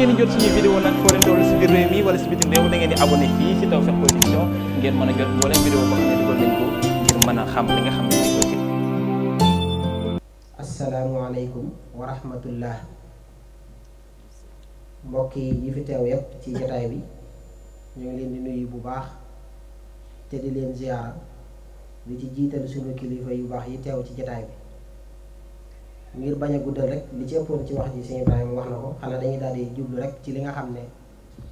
ngeen jot suñu vidéo nag foo leen toll si biir réew mi wala si bitim réew da ngeen di abonné fii si Tawfekh Production ngeen mën a jot wala vidéo boo xam ne dugal nañ ko ngir mën a xam li nga xam ne moom lañ asalaamaaleykum wa rahmatullah mbokk yi fi teew yépp ci jotaay bi ñu ngi leen di nuyu bu baax te di leen ziyaara di ci jiital suñu kilifa yu baax yi teew ci jotaay bi. ngir bañ a guddal rek li ci ëppoon ci wax ji sëñ Ibrahima wax na ko xanaa dañuy daal di jublu rek ci li nga xam ne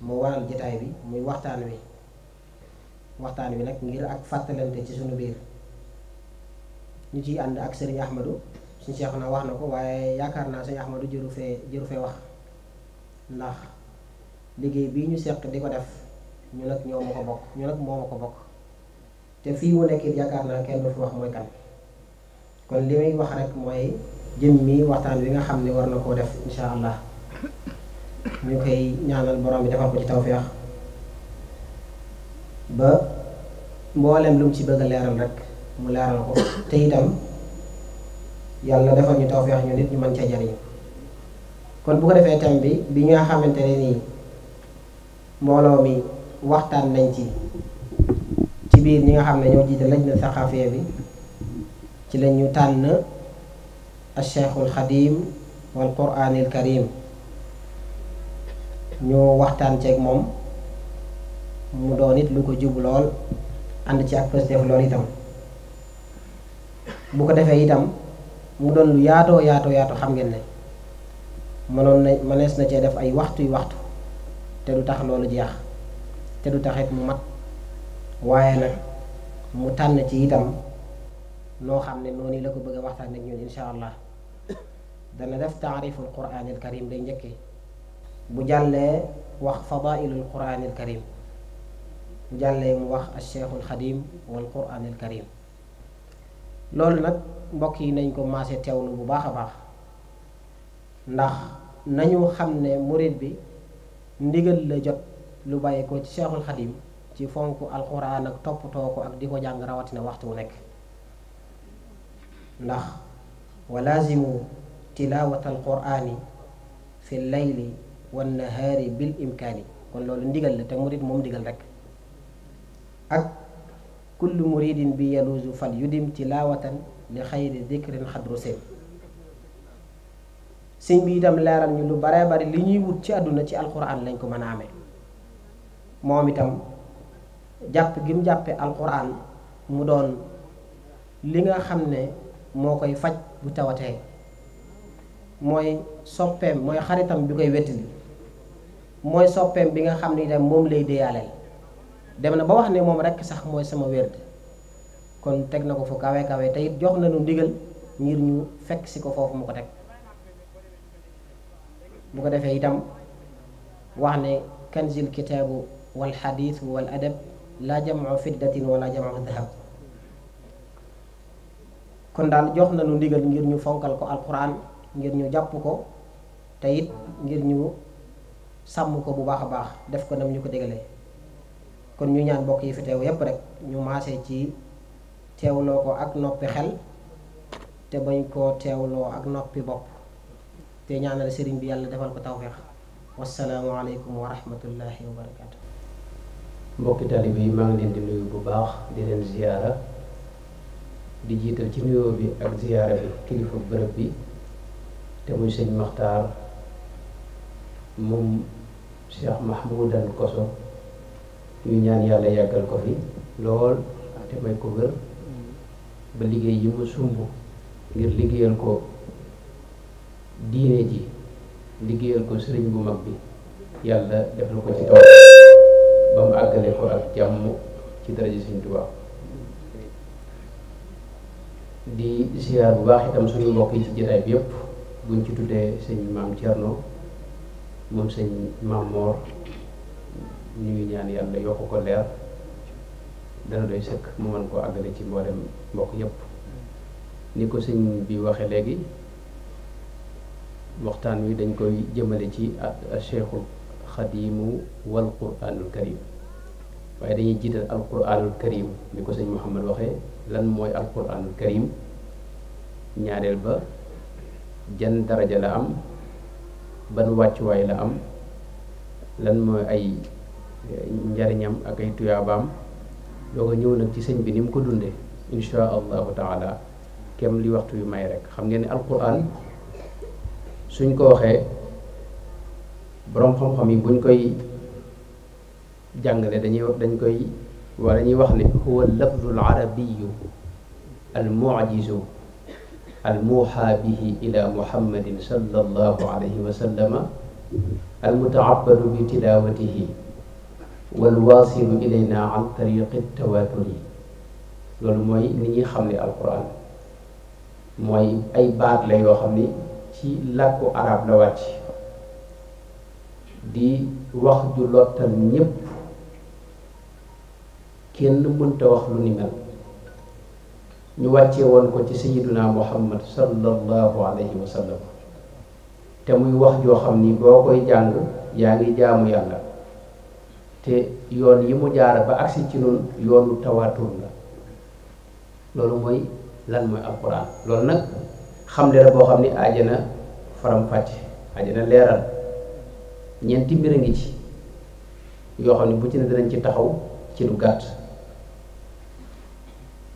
mu waral jotaay bi muy waxtaan wi waxtaan wi nag ngir ak fàttalante ci suñu biir ñu ciy ànd ak sëriñ Ahmadou suñu seex na wax na ko waaye yaakaar naa sëñ Ahmadou jëru fee jëru fee wax ndax liggéey bi ñu seq di ko def ñu nag ñoo ma ko bokk ñu nag moo ko bokk te fii mu nekk it yaakaar naa kenn du fi wax mooy kan kon li may wax rek mooy jëmmi waxtaan wi nga xam ne war na koo def insha allah ñu koy ñaanal borom bi defal ko ci tawféex ba mboolem lu ci bëgg a leeral rek mu leeral ko te itam yàlla defal ñu tawféex ñu nit ñu mën ca jariñ kon bu ko defee thème bi bi nga xamante ne mbooloo mi waxtaan nañ ci ci biir ñi nga xam ne ñoo jiite lajna saqafiya bi ci lañ ñu tànn. alcheikhul xadim wal quraanil karim ñu waxtaan ceeg moom mu doon it lu ko jub lool ànd ci ak positif lool itam bu ko defee itam mu doon lu yaatoo yaatoo yaatu xam ngeen ne mënoon na mënees na cee def ay waxtuy waxtu te du tax loolu jeex te du taxit mu mat waaye nag mu tànn ci itam noo xam ne noonu la ko bëgg a waxtaan ak ñun incha allah dana def taariful quraanil karim day njëkkee bu jàllee wax fadailul quraanil karim bu jàllee mu wax asheikhul xadim wal quraanil karim loolu nag mbokk yi nañ ko teew teewlu bu baax a baax ndax nañu xam ne murid bi ndigal la jot lu bàyyi ko ci cheikhul xadim ci fonk alquran ak toppatoo ko ak di ko jàng rawatina waxtu wu nekk ndax walaazimu tilaawatal quraani fi layli wan nahaari bil imkaani kon loolu ndigal la te murid moom ndigal rek ak kullu muridin bi yaluuzu fal yudim tilaawatan li xayri dikrin xadru seen bi itam leeral ñu lu bare bari li ñuy wut ci àdduna ci alquran lañ ko mën a ame moom itam jàpp gi mu jàppe alquran mu doon li nga xam ne moo koy faj bu tawatee mooy soppeem mooy xaritam bi koy wettali mooy soppeem bi nga xam ni itam moom lay déyaaleel dem na ba wax ne moom rekk sax mooy sama werd kon teg na ko fu kawee kawe tey it jox nañu ndigal ngir ñu fekk si ko foofu mu ko teg bu ko defee itam wax ne kanzil kitaabu wal xadiis wal adab laa jamu fiddatin wala jamu dahab kon daal jox na nañu ndigal ngir ñu fonkal ko alquran ngir ñu jàpp ko te ngir ñu sàmm ko bu baax a baax def ko nam ñu ko dégalee kon ñu ñaan mbokk yi fi teew yépp rek ñu maase ci teewloo ko ak noppi xel te bañ koo teewloo ak noppi bopp te ñaanal sëriñ bi yàlla defal ko tawfeex wassalaamu aleykum wa rahmatullahi wa barakaatu mbokki taalibe yi maa ngi leen di nuyu bu baax di leen ziyaara di jiital ci nuyoo bi ak ziyaara bi kilifa bërëb bi te muy sëñ Maxtaar moom Cheikh Mahmoudan Koso ñu ñaan yàlla yàggal ko fi lool te may ko wér ba liggéey yi mu sumb ngir liggéeyal ko diine ji liggéeyal ko sëriñ bu mag bi yàlla def na ko ci taw ba mu àggale ko ak jàmm ci daraja Sëriñ Tuubaa di ziar bu baax itam suñu mbokk yi ci bi yëpp buñ ci tuddee sëñ maam Thierno moom sëñ maam Mor ñu ngi ñaan yàlla yokk ko leer dana doy sëkk mu mën koo àggale ci mboolem mbokk yépp ni ko sëñ bi waxe léegi waxtaan wi dañ koy jëmale ci xat yi mu wal quraanul karim waaye dañuy jiital al quraanul karim ni ko sëñ Muhammad waxe lan mooy al quraanul karim ñaareel ba jan daraja la am ban wàccuwaay la am lan mooy ay eh, njariñam ak ay tuyaabaam doo ko ñëw nag ci sëñ bi ni mu ko dundee insha allahu taala kem li waxtu yu may rek xam ngeen ne alquran suñ ko waxee boroom xam-xam yi buñ koy jàngale dañuy dañ koy wala ñuy wax ni huwa lafdul arabiyu al الموحى به إلى محمد صلى الله عليه وسلم المتعبد بتلاوته والواصل إلينا عن طريق التواتر loolu mooy ni ñuy xam ne alquran mooy ay baat la yoo xam ne ci làkku arab la wàcc di wax ju lottal ñépp kenn mënta wax lu ni mel ñu wàccee woon ko ci sayiduna muhammad sallallahu alayhi wa sallam te muy wax joo xam ni boo koy jàng yaa ngi jaamu yàlla te yoon yi mu jaar ba agsi ci noonu yoonu tawaatur la loolu mooy lan mooy alquran loolu nag xam le la boo xam ni ajana faram-fàcce ajana leeral ñeenti mbir a ngi ci yoo xam ne bu ci ne danañ ci taxaw ci lu gàtt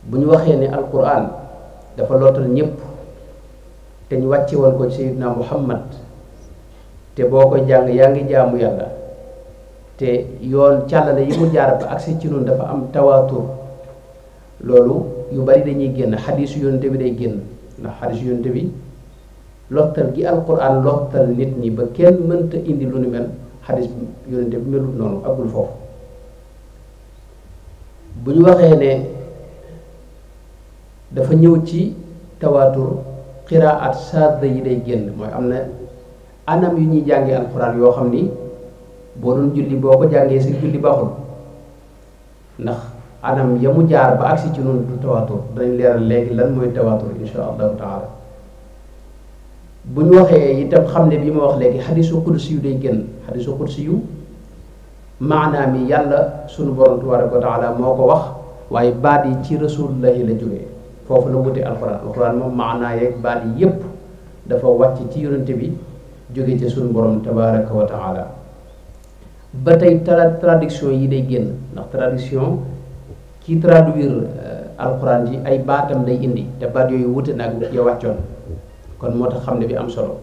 bu ñu waxee ne alquran dafa lootal ñépp te ñu wàcce woon ko sayyidina muhammad te boo ko jàng yaa ngi jaamu yàlla te yoon càllale yi mu jaar ba agsi ci noonu dafa am tawaatur loolu yu bari dañuy génn xadiisu yonte bi day génn ndax xadiisu yonte bi lottal gi alquran lottal nit ñi ba kenn mënta indi lu nu mel xadiis yonte bi melut noonu agul foofu bu ñu waxee ne dafa ñëw ci tawaatur xiraat saada yi day génn mooy am na anam yu ñuy jàngee alxuraan yoo xam ni boo doon julli boo ko jàngee si julli baaxul ndax anam ya mu jaar ba agsi ci noonu du tawaatur dañ leeral léegi lan mooy tawaatur insha allahu taala bu ñu waxee itam xam ne bi ma wax léegi xadisu qudsi yu day génn xadisu qudsi yu maanaam yi yàlla sunu borom tabaraka wa taala moo ko wax waaye baat yi ci rasulullahi la jógee foofu la wute alxuraan alxuraan moom maanaa yeeg baat yépp dafa wàcc ci yonente bi jóge ci suñu borom tabaraka wa ba tey tra traduction yi day génn ndax traduction ki traduire euh, alxuraan ji ay baatam day indi te baat yooyu wute nag ya wàccoon kon moo tax xam ne bi am solo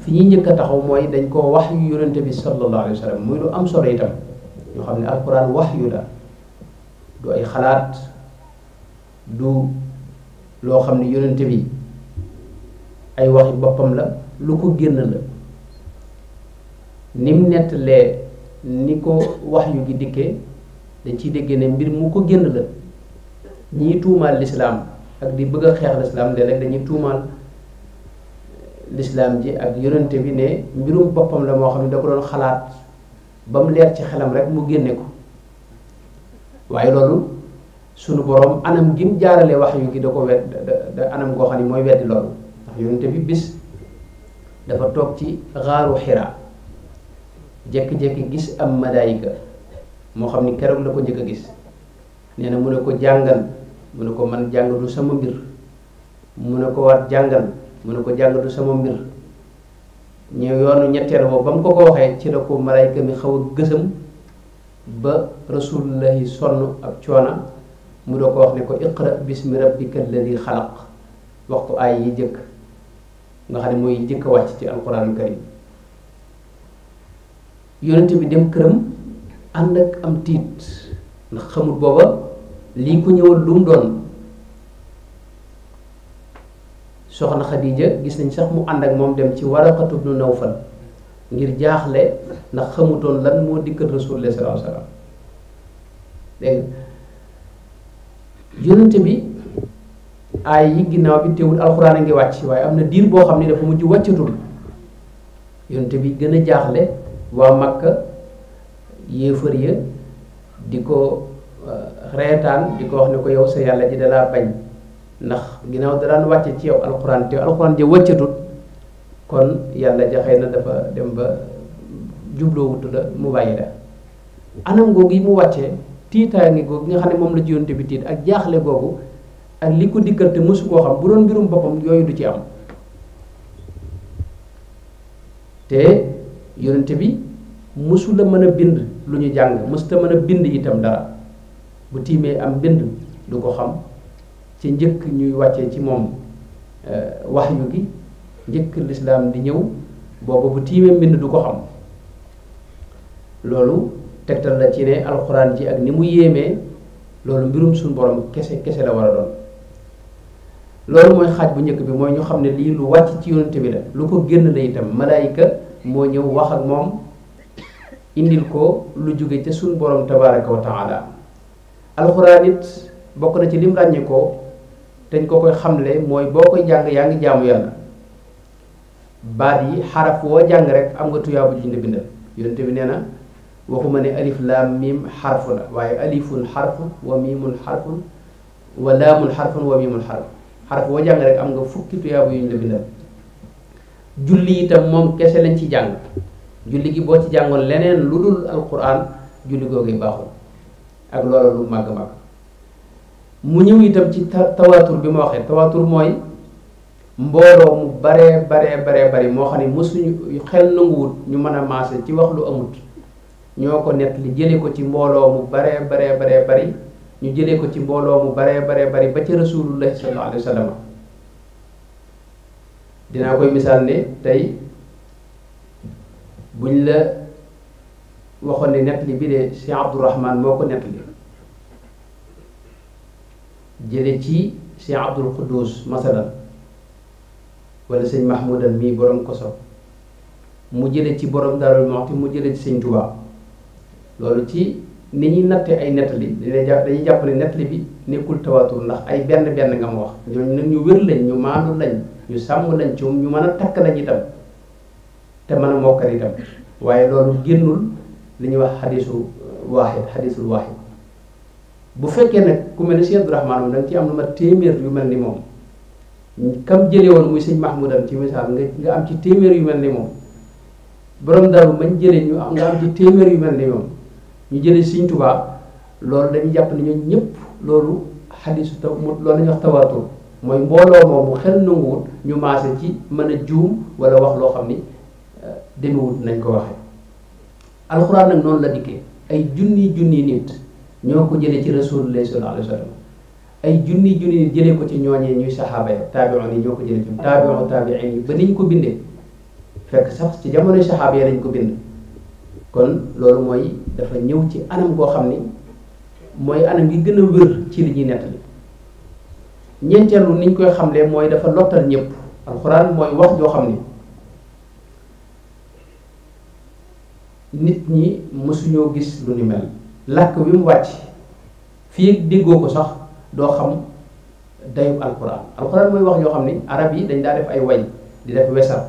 fi ñuy njëkk a taxaw mooy dañ koo wax yu yonente bi sallallahu alayhi wa muy lu am solo tam ñoo xam ne alxuraan wax yu la du ay xalaat du loo xam ne yonent bi ay waxi boppam la lu ko génn la ni mu nettalee ni ko wax yu gi dikkee dañ ciy dégg ne mbir mu ko génn la ñiy tuumaal lislaam ak di bëgg a xeex lislaam léeg-léeg dañuy tuumaal lislaam ji ak yonente bi ne mbirum boppam la moo xam ne da ko doon xalaat ba mu leer ci xelam rek mu génne ko waaye loolu sunu borom anam gi mu jaarale wax yu gi da ko wedd da anam goo xam ne mooy weddi loolu ndax yonente bi bis dafa toog ci xaaru xiraa jékki-jékki gis am madaayika moo xam ni keroog la ko njëkk a gis nee na mu ne ko jàngal mu ne ko man jàng du sama mbir mu ne ko waat jàngal mu ne ko jàng sama mbir ñëw yoonu ñetteel boobu ba mu ko ko waxee ci la ko malaayika mi xaw a gësam ba rasulullahi sonn ak coona mu doo ko wax ne ko iqra bismi rabbika alladi xalaq waxtu aay yi jëkk nga xam ne mooy jëkk wàcc ci alquran karim yonent bi dem këram ànd ak am tiit ndax xamut booba lii ko ñëwal lu doon soxna Xadija gis nañ sax mu ànd ak moom dem ci Waraqatu bnu Nawfal ngir jaaxle ndax xamutoon lan moo dikkat Rasulullah sallallahu alayhi yonent bi aay yi ginnaaw bi teewul alxuraan a ngi wàcc waaye am na diir boo xam ne dafa mujj wàccatul yonent bi gën a jaaxle waa Makka yéefar ya di ko euh, reetaan di ko wax ne ko yow sa yàlla ji dalaa bañ ndax ginnaaw da daan wàcce ci yow alxuraan te alxuraan ja wàccatut kon yàlla ja xëy na dafa dem ba jubloowutu la mu bàyyi la anam googu yi mu wàcce tiitaange googu nga xam ne moom la ci yonte bi tiit ak jaaxle googu ak li ko dikkal te mësu koo xam bu doon mbirum boppam yooyu du ci am te yonent bi mësu la mën a bind lu ñu jàng mësuta mën a bind itam dara bu tiimee am bind du ko xam ci njëkk ñuy wàcce ci moom euh, wax yu gi njëkk lislaam di ñëw booba bu tiimee mbind du ko xam loolu tegtal na ci ne alxuraan ji ak ni mu yéemee loolu mbirum suñu borom kese kese la war a doon loolu mooy xaaj bu njëkk bi mooy ñu xam ne lii lu wàcc ci yonante bi la lu ko génn la itam malaayika moo ñëw wax ak moom indil ko lu jóge ca suñu borom tabaraka ko taala alxuraan it bokk na ci lim ràññee ko dañ ko koy xamle mooy boo koy jàng yaa ngi jaamu yàlla baat yi xaraf woo jàng rek am nga tuyaabu juñ la bindal yonante bi nee na waxuma ne alif laam miim xarfu la waaye alifun xarfun wa miimun xarfun wa laamun xarfun wa miimun xarf xarf boo jàng rek am nga fukki tuyaabu yuñ la bindal julli itam moom kese lañ ci jàng julli gi boo ci jàngoon leneen lu dul alquran julli googu baaxul ak loolu lu màgg màgg mu ñëw itam ci tawaatur bi ma waxee tawaatur mooy mbooloo mu bare baree baree bari moo xam ne mosuñu xel nanguwut ñu mën a maase ci wax lu amut ñoo ko nekk li jëlee ko ci mbooloo mu bare baree baree bari ñu jëlee ko ci mbooloo mu baree baree bari ba ci rasulullahi sallallahu alayhi wa dinaa koy misaal ne tey buñ la waxoon ni nett li bi de Cheikh Abdourahman moo ko nett li jële ci Cheikh Abdul Quddus masalan wala sëñ Mahmoudan mii borom koso mu jële ci borom Daarul Muxti mu jële ci sëñ Tuubaa loolu ci ni ñuy natte ay nettali dañuy jàpp dañuy jàpp ne nettali bi nekkul tawaatur ndax ay benn benn nga ma wax ñooñu nag ñu wér lañ ñu maandu lañ ñu sàmm lañ ci ñu mën a takk lañ itam te mën a mokkal itam waaye loolu génnul li ñuy wax xadiisu waaxid xadiisul waaxid bu fekkee nag ku mel ne Cheikh Abdourahmane moom da ci am na ma téeméer yu mel ni moom kam jëlee woon muy sëñ Mahmoudam ci misaal nga nga am ci téeméer yu mel ni moom borom daru mañ jëlee ñu am nga am ci téeméer yu mel ni moom ñu jëlee Sëriñ Tuubaa loolu dañu jàpp ne ñun ñëpp loolu xadisu taw loolu la ñuy wax tawaatur mooy mbooloo moomu xel nanguwul ñu maase ci mën a juum wala wax loo xam ni euh, demewul nañ ko waxee alxuraan nag noonu la dikkee ay junni junni nit ñoo ko jëlee ci rasulullah sallallahu alayhi wa sallam ay junni junni nit jëlee ko ci ñooñee ñuy saxaaba ya taabiroon yi ñoo ko jëlee ci taabiroon taabiin yi ba niñ ko bindee fekk sax ci jamonoy saxaaba ya lañ ko bind kon loolu mooy dafa ñëw ci anam goo xam ni mooy anam gi gën a wér ci li ñuy nettali ñeenteelu ni ñu koy xamlee mooy dafa lottal ñépp alxuraan mooy wax joo xam ni nit ñi mësuñoo gis lu ni mel làkk wi mu wàcc fii diggoo ko sax doo xam dayub alxuraan alxuraan mooy wax yoo xam ni arab yi dañ daa def ay way di def wesar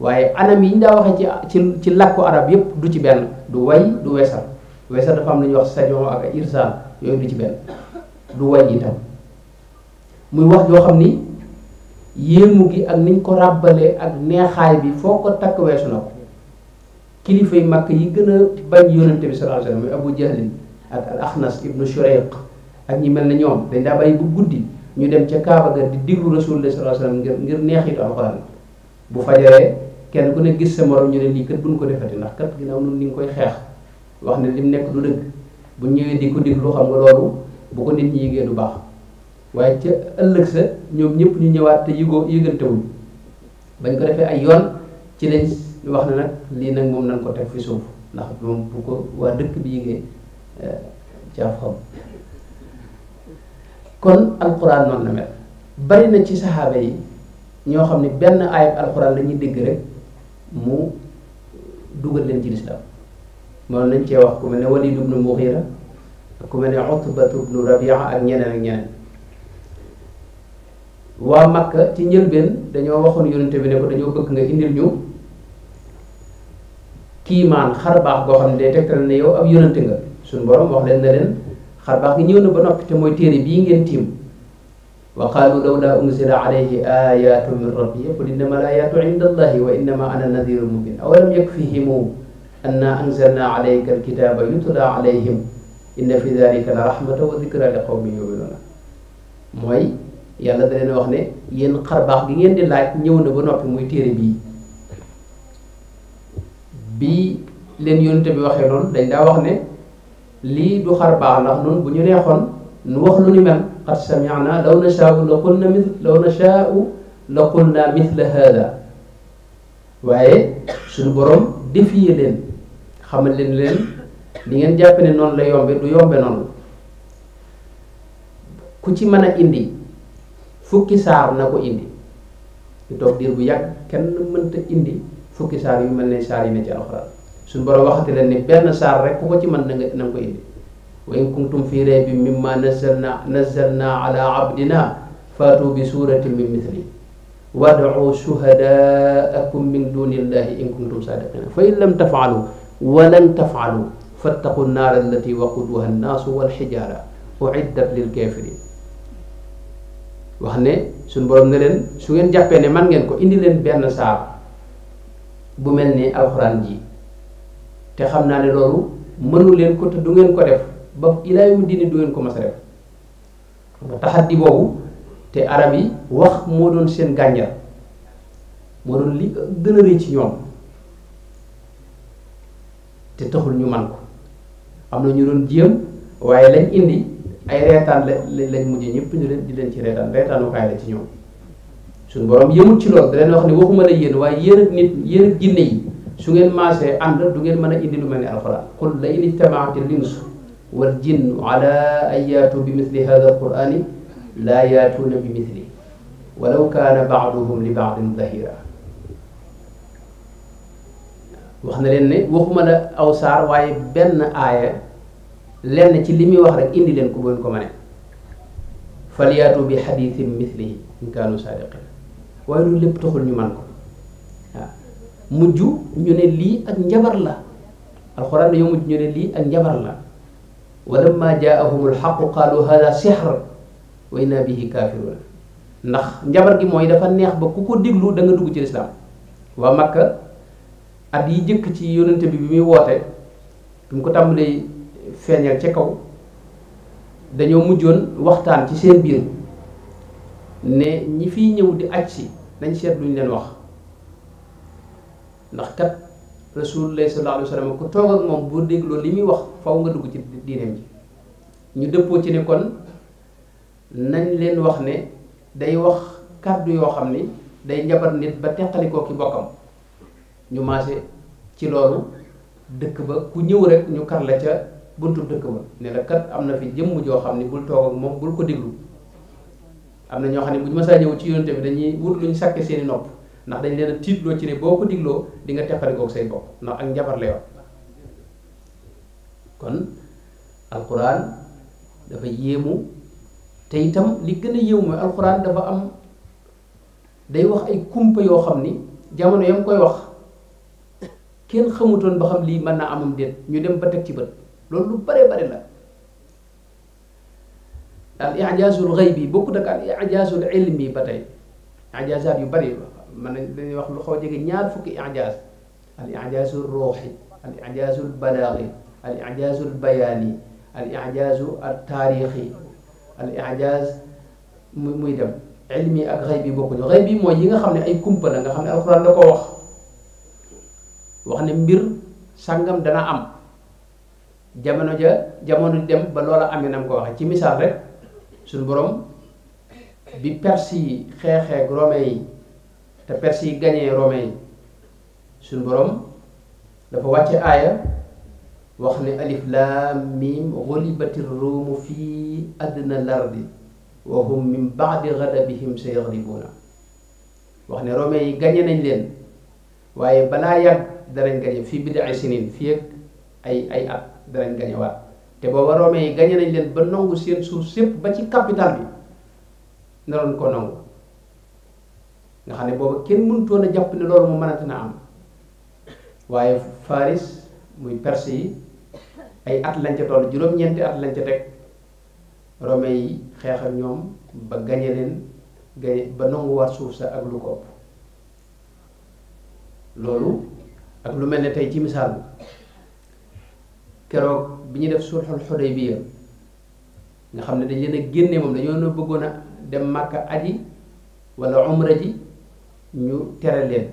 waaye anam yi ñu daa waxee ci ci ci làkku arab yépp du ci benn du way du wesal wesal dafa am lu ñuy wax sajon ak irsal yooyu du ci benn du way itam muy wax yoo xam ni yéemu gi ak niñ ko ràbbalee ak neexaay bi foo ko takk weesu na ko kilifa yu mag yi gën a bañ yonente bi sallallahu abu jahlin ak al axnas ibnu shurayq ak ñi mel ne ñoom dañ daa bàyyi bu guddi ñu dem ca kaaba ga di diglu rasulullah sallallahu ngir ngir neexitu alxuraan bu fajaree kenn ku ne gis sa morom ñu ne lii kat buñ ko defati ndax kat ginnaaw nun ni nga koy xeex wax ne lim nekk du dëgg bu ñëwee di ko diglu xam nga loolu bu ko nit ñi yëgee du baax waaye ca ëllëg sa ñoom ñëpp ñu ñëwaat te yëgoo yëgantewuñ bañ ko defee ay yoon ci lañ wax ne nag lii nag moom nañ ko teg fi suuf ndax moom bu ko waa dëkk bi yëgee euh, caaf xam kon alxuraan noonu la bari na ci saxaaba ñoo xam ne benn ayib alxuraan la ñuy dégg rek mu dugal leen ci lislaam moom lañ cee wax ku mel ne Walid ibnu Mughira ku mel ne Utbatu ibnu Rabia ak ñeneen ak ñeneen waa Makka ci njëlbeen dañoo waxoon yonente bi ne ko dañoo bëgg nga indil ñu kiimaan xar baax goo xam ne day tegtal ne yow ab yonente nga suñu borom wax leen na leen xar gi ñëw na ba noppi te mooy téere bii ngeen tiim wa qaalu law laa unzila alayhi ayatu min rabbihi qul innama al ayatu inda allahi wa innama ana nadiru mubin awalam yakfihim anna anzalna alayka alkitaba yutla alayhim inna fi dalika la rahmata wa dikra li qawmin yuminuna mooy yàlla da leen wax ne yéen xarbaax gi ngeen di laaj ñëw na ba noppi muy téere bii bii leen yónente bi waxee noonu dañ daa wax ne lii du xarbaax ndax noonu bu ñu neexoon nu wax lu ni mel qad sami'na law nashaa'u la qulna mithl law nashaa'u la qulna mithla hada waaye suñu borom défier leen xamal leen leen li jàpp ne noonu la yombe du yombe noonu ku ci mën a indi fukki saar na ko indi ñu toog diir bu yàgg kenn mënta indi fukki saar yu mel ne saar yi ne ci alxuraan suñu borom waxati leen ni benn saar rek ku ko ci mën na nga ko indi wa in kuntum fi raybin mimma nazzalna nazzalna ala abdina faatu bi suratin min mithli wad'u shuhadaakum min dunillahi in kuntum sadiqina fa in lam taf'alu wa lan taf'alu fattaqu nnaara allati waquduha annaasu walxijaara uiddat lil kafirin wax ne suñ borom ne leen su ngeen jàppee ne man ngeen ko indi leen benn saar bu mel ni alxuraan ji te xam naa ne loolu mënu leen ko te du ngeen ko def ba ilaa yu dini du ngeen ko mas a def nga taxaddi boobu te arab yi wax moo doon seen gàññal moo doon li gën a ci ñoom te taxul ñu man ko am na ñu doon jéem waaye lañ indi ay reetaan la lañ mujj ñëpp ñu leen di leen ci reetaan reetaanukaay la ci ñoom suñu borom yëmut ci loolu da leen wax ni waxuma la yéen waaye yéen ak nit yéen ak jinne yi su ngeen maasee ànd du ngeen mën a indi lu mel ni alxuraan qul la in ijtamaati linsu wal jinn ala an yaatu bi misli hada alqurani laa yaatuuna bi misli walaw kaana baaduhum li baadin zahira wax na leen ne waxuma la aw saar waaye benn aaya lenn ci li muy wax rek indi leen ko buñ ko mënee falyaatu bi xadiisin mislihi in kaanu saadiqin waaye loolu lépp taxul ñu man ko waaw mujj ñu ne lii ak njabar la alxuraan dañoo mujj ñu ne lii ak njabar la wa lamma jaahum alxaqu qaalu hada sihr wa inna bihi kaafiruuna ndax njabar gi mooy dafa neex ba ku ko déglu danga nga dugg ci lislaam waa Makka at yi jëkk ci yonente bi bi muy woote bi mu ko tàmbalee feeñal ci kaw dañoo mujjoon waxtaan ci seen biir ne ñi fiy ñëw di aj si nañ seet luñ leen wax ndax kat rasulullah sallallahu alayhi wa sallam ku toog moom bu dégloo li muy wax faw nga dugg ci diineem ji ñu dëppoo ci ne kon nañ leen wax ne day wax kàddu yoo xam ni day njabar nit ba teqalikoo ki bokkam ñu maase ci loolu dëkk ba ku ñëw rek ñu kar la ca buntu dëkk ba ne la kat am na fi jëmm yoo xam ni bul toog moom bul ko déglu am na ñoo xam ne bu ñu mësaa ñëw ci yoonte bi dañuy wut lu ñu sàkke seeni nopp ndax dañ leen a tiitloo ci ne boo ko digloo di nga teqalikoo say bopp ndax ak njabar la kon alquran dafa yéemu te itam li gën a yéemu mooy alquran dafa am day wax ay kumpa yoo xam ni jamono yam koy wax kenn xamutoon ba xam lii mën naa amam déet ñu dem ba teg ci bët loolu lu bare bare la al ijaazul xëy bi bokkut ak al ijaazul ilmi ba tey ijaazaat yu bari la man dañuy wax lu xaw jege ñaar fukki ijaaz al ijaazu ruuxi al ijaazu balaaxi al ijaazu bayaani al ijaazu taarixi al ijaaz muy muy dem ilmi ak xëy bi bokkuñu xëy bi mooy yi nga xam ne ay kumpa la nga xam ne alxuraan la ko wax wax ne mbir sàngam dana am jamono ja jamono dem ba loola amee na mu ko waxee ci misaal rek suñu borom bi perse yi xeexee ak romain yi te Perse yi gañee Romains yi borom dafa wàcce aaya wax ne alif laam miim xulibati ruumu fii àddina lardi wa hum min baadi gadabihim sa yaxlibuuna wax ne Romains yi gañe nañ leen waaye balaa yàgg danañ gañe fii bidai sinin fii ak ay ay at danañ gañewaat te booba Romains yi gañe nañ leen ba nangu seen suuf sépp ba ci capital bi naroon ko nangu nga xam ne booba kenn mënutoon a jàpp ne loolu mu mënati na am waaye Faris muy Perse yi ay at lañ ca toll juróom-ñeenti at lañ ca teg Romain yi xeex ak ñoom ba gañe leen gañe ba nanguwaat suuf sa ak lu ko ëpp loolu ak lu mel ni tey ci misaal bi keroog bi ñu def sulxul Xudaybiya nga xam ne dañ leen a génne moom dañoo bëggoon a dem Màkka aji walla umra ji ñu tere leen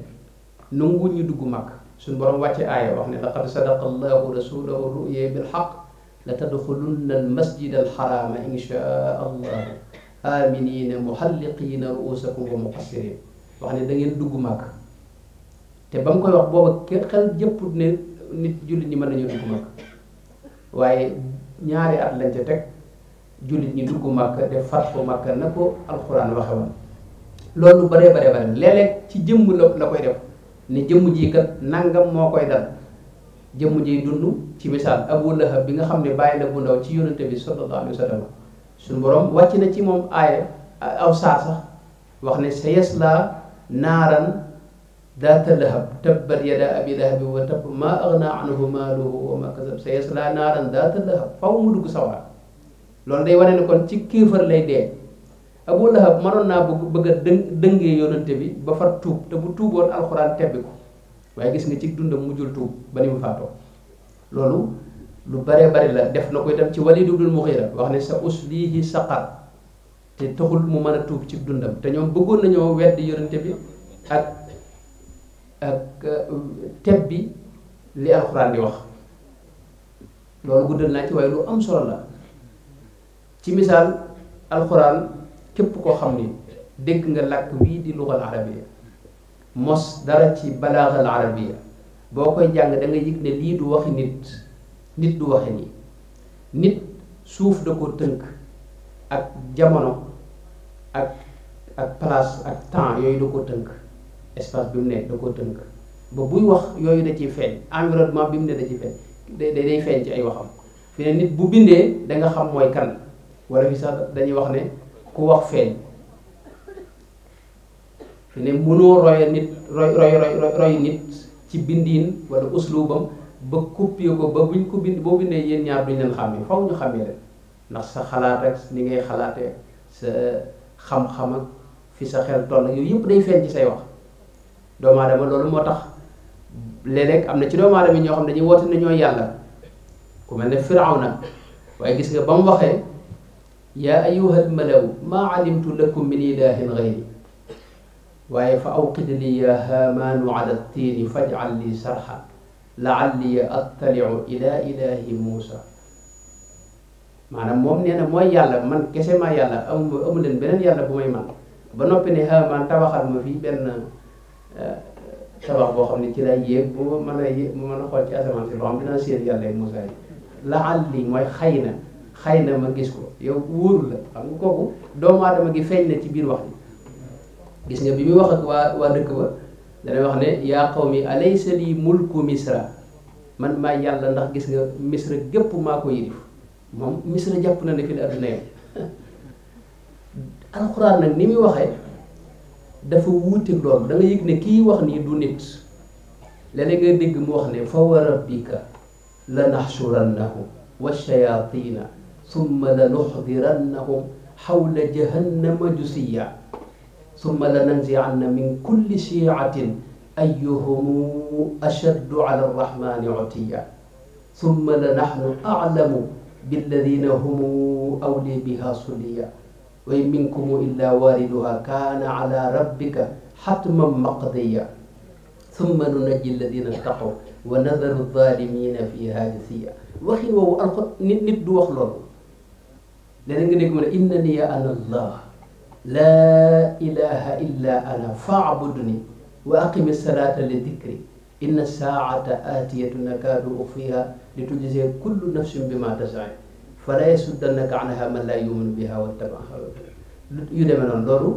nanguwuñ ñu dugg màkk suñu borom wàcce aaya wax ne laqad sadaqa allahu rasulahu ruya bil xaq la tadxulunna al masjid al xaraama inchaa allahu aminina muxalliqiina ruusakum wa muqassirin wax ne dangeen dugg màkk te ba mu koy wax booba kenn xel jëpp ne nit jullit ñi mën nañoo dugg màkk waaye ñaari at lañ ca teg jullit ñi dugg màkk def fat ko màkk na ko alxuraan waxe woon loolu lu bëree bare bare léeg ci jëmm la la koy def ne jëmm ji kat nangam moo koy dal jëmm ji dund ci misaal Abu Lahab bi nga xam ne bàyyi la bu ndaw ci yonante bi sallallahu alayhi boroom wàcc na ci moom aaya aw saa sax wax ne sa yes laa naaran daata lahab tabbat yada abi lahabi wa tabb maa agna anhu maaluhu wa maa kasab sa yes laa naaran daata lahab faw mu dugg sawar loolu day wane ne kon ci kéefar lay dee Abu Lahab mënoon naa bëgg bëgg a dëng dëngee yonante bi ba far tuub te bu tuuboon alxuraan tebbi ko waaye gis nga ci dundam mujjul tuub ba ni mu faatoo loolu lu bare bari la def na ko itam ci Walid ibn Mughira wax ne sa uslihi saqar te taxul mu mën a tuub ci dundam te ñoom bëggoon nañoo wedd yonante bi ak ak euh, tebbi li alxuraan di wax loolu guddal naa ci waaye lu am solo la ci misaal alxuraan képp koo xam ni dégg nga làkk wii di luxal arabiya mos dara ci balaaxal arabiya boo koy jàng da nga yëg ne lii du waxi nit nit du waxe nii nit suuf da ko tënk ak jamono ak ak place ak temps yooyu da ko tënk espace bi mu ne da ko tënk ba buy wax yooyu da ci feeñ environnement bi mu ne da ciy feeñ day day feeñ ci ay waxam fi ne nit bu bindee da nga xam mooy kan wala fi sax dañuy wax ne ku wax feeñ fi ne mënoo roy nit roy roy roy roy nit ci bindiin wala uslubam ba copier ko ba buñ ko bind boo bindee yéen ñaar duñ leen xàmmee faw ñu xàmmee rek ndax sa xalaat rek ni ngay xalaatee sa xam-xam ak fi sa xel toll yooyu yëpp day feeñ ci say wax doomu aadama loolu moo tax léeg-léeg am na ci doomu aadama ñoo xam ne dañuy woote ne ñooy yàlla ku mel ne na waaye gis nga ba waxee yaa ayyuhal malaw maa alimtu lakum min ilaahin gayri waaye fa awqid li yaa haamaanu ala tiini fajcal li sarxa laalli attaliu ila ilaahi muusa maanaam moom nee na mooy yàlla man kese maa yàlla amu amu leen beneen yàlla bu may man ba noppi ne haamaan tabaxal ma fii benn eh, tabax boo xam ne ci lay yéeg bu ma mën a yéeg bu mën a xool ci asamaan si loo xam dinaa séen yàlla yi muusa yi laalli mooy xëy na xëy na ma gis ko yow wóorul la xam nga kooku doomu aadama gi feeñ na ci biir wax bi gis nga bi muy wax ak waa waa ba danay wax ne yaa qawmi alaysa lii mulku misra man maa yàlla ndax gis nga misra gépp maa ko yilif moom misra jàpp na ne fi la adduna yam alxuraan nag ni muy waxee dafa wuuteeg loolu da yëg ne kii wax nii du nit léeg-léeg nga dégg mu wax ne fa wa rabbika la naxsurannahum wa shayatina summa la nuxdirannahum xawla jahannama jusiya summa la nanzianna min kulli shiatin ayuhum ashaddu ala arrahmani otiya summa la naxnu aclamu billadina hum awli biha suliya wa in minkum illa waariduha kaana ala rabbika xatman maqdiya summa nunajji alladina ittaqaw wa nadaru zalimina fiha jasiya waxin woowu alxot nit nit du wax loolu leneen nga nekk mu ne innani ana allah laa ilaha illa ana faabudni wa aqimi salaata li dikri inna saata aatiyatu nakaadu ufiha li tujzi kullu nafsin bima tasaa fala yasuddannaka anha man laa yuminu biha wattaba yu deme noonu loolu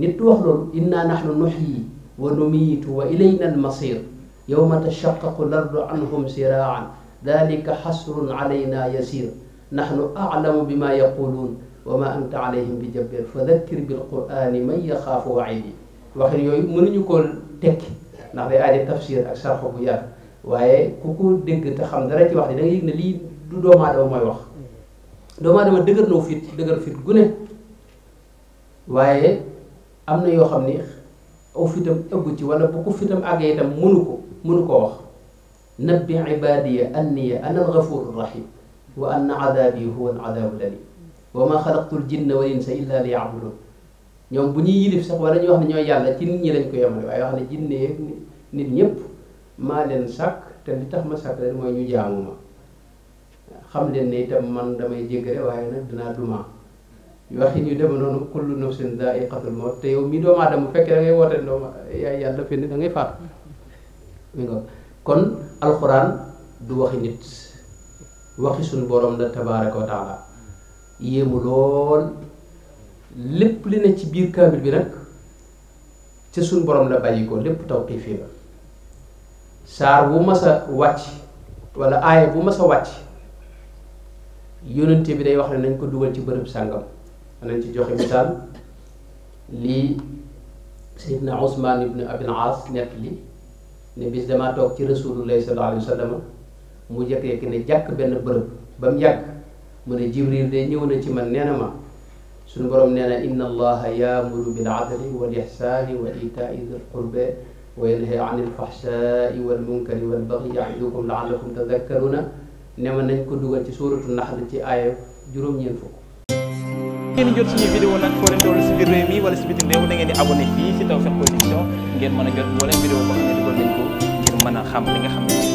nit wax loolu inna nahnu nuxyi wa numiitu wa ilayna almasir yowma tashaqqaqu lardu anhum siraan dalika xasrun alayna yasir nahnu a'lamu bima ma anta alayhim bi jabbaar fa dakkir bil qur'aani man yaxaafu wa'iidi waxin tekki ndax day aaje tafsir ak sarxo bu ko dégg xam dara ci wax da nga yëg lii du doomu aadama mooy wax doomu fit dëgër fit gu am na yoo xam ni aw fitam ëgg ci wala bu ko fitam àggee itam mënu ko mënu koo wax nabbi ibaadiya anniya ana al-gafuur rahim waa anna adaabi huwa al adaabu lali wa ma xalaqtu l jinna wal insa illa li ñoom bu ñuy yilif sax wala ñu wax ne ñooy yàlla ci nit ñi lañ ko yemale waaye wax ne jinne nit ñëpp maa leen sàkk te li tax ma sàkk leen ñu jaamu ma leen ne itam man damay jéggale waaye nag dinaa duma waxin yu dem noonu kullu nafsin daa'iqatul mawt te yow mii doomu aadama bu fekkee da ngay woote doomu yaay yàlla fi ne da kon alxuraan du waxi nit waxi suñ borom la tabaaraka wa taala yéemu lool lépp li ne ci biir kaamil bi nag ca suñ borom la bàyyi ko lépp tawqifi la saar bu mas a wàcc walla aaya bu mas a wàcc yónnante bi day wax ne nañ ko dugal ci bërëb sàngam nañ ci joxe misaal lii Seydina Ousmane ibn Abil As nekk li ne bis damaa toog ci rasulullahi sallallahu alayhi wa mu jékki-jékki ne jàkk benn bërëb ba mu yàgg mu ne jibril de ñëw na ci man nee na ma suñu borom nee na inna allaha yaamuru bil adli wal ihsaani wa itaai dil qurbe wa yanha an il fahsaai wal munkari wal bagyi yaidukum laallakum tadakkaruna ne ma nañ ko dugal ci suuratu naxl ci aaya juróom-ñeent fukk ngeen jot suñu vidéo nag foo leen toll si biir réew mi wala si bitim réew da ngeen di abonné fii si Tawfekh Production ngeen mën a jot wala vidéo boo ne dugal mën xam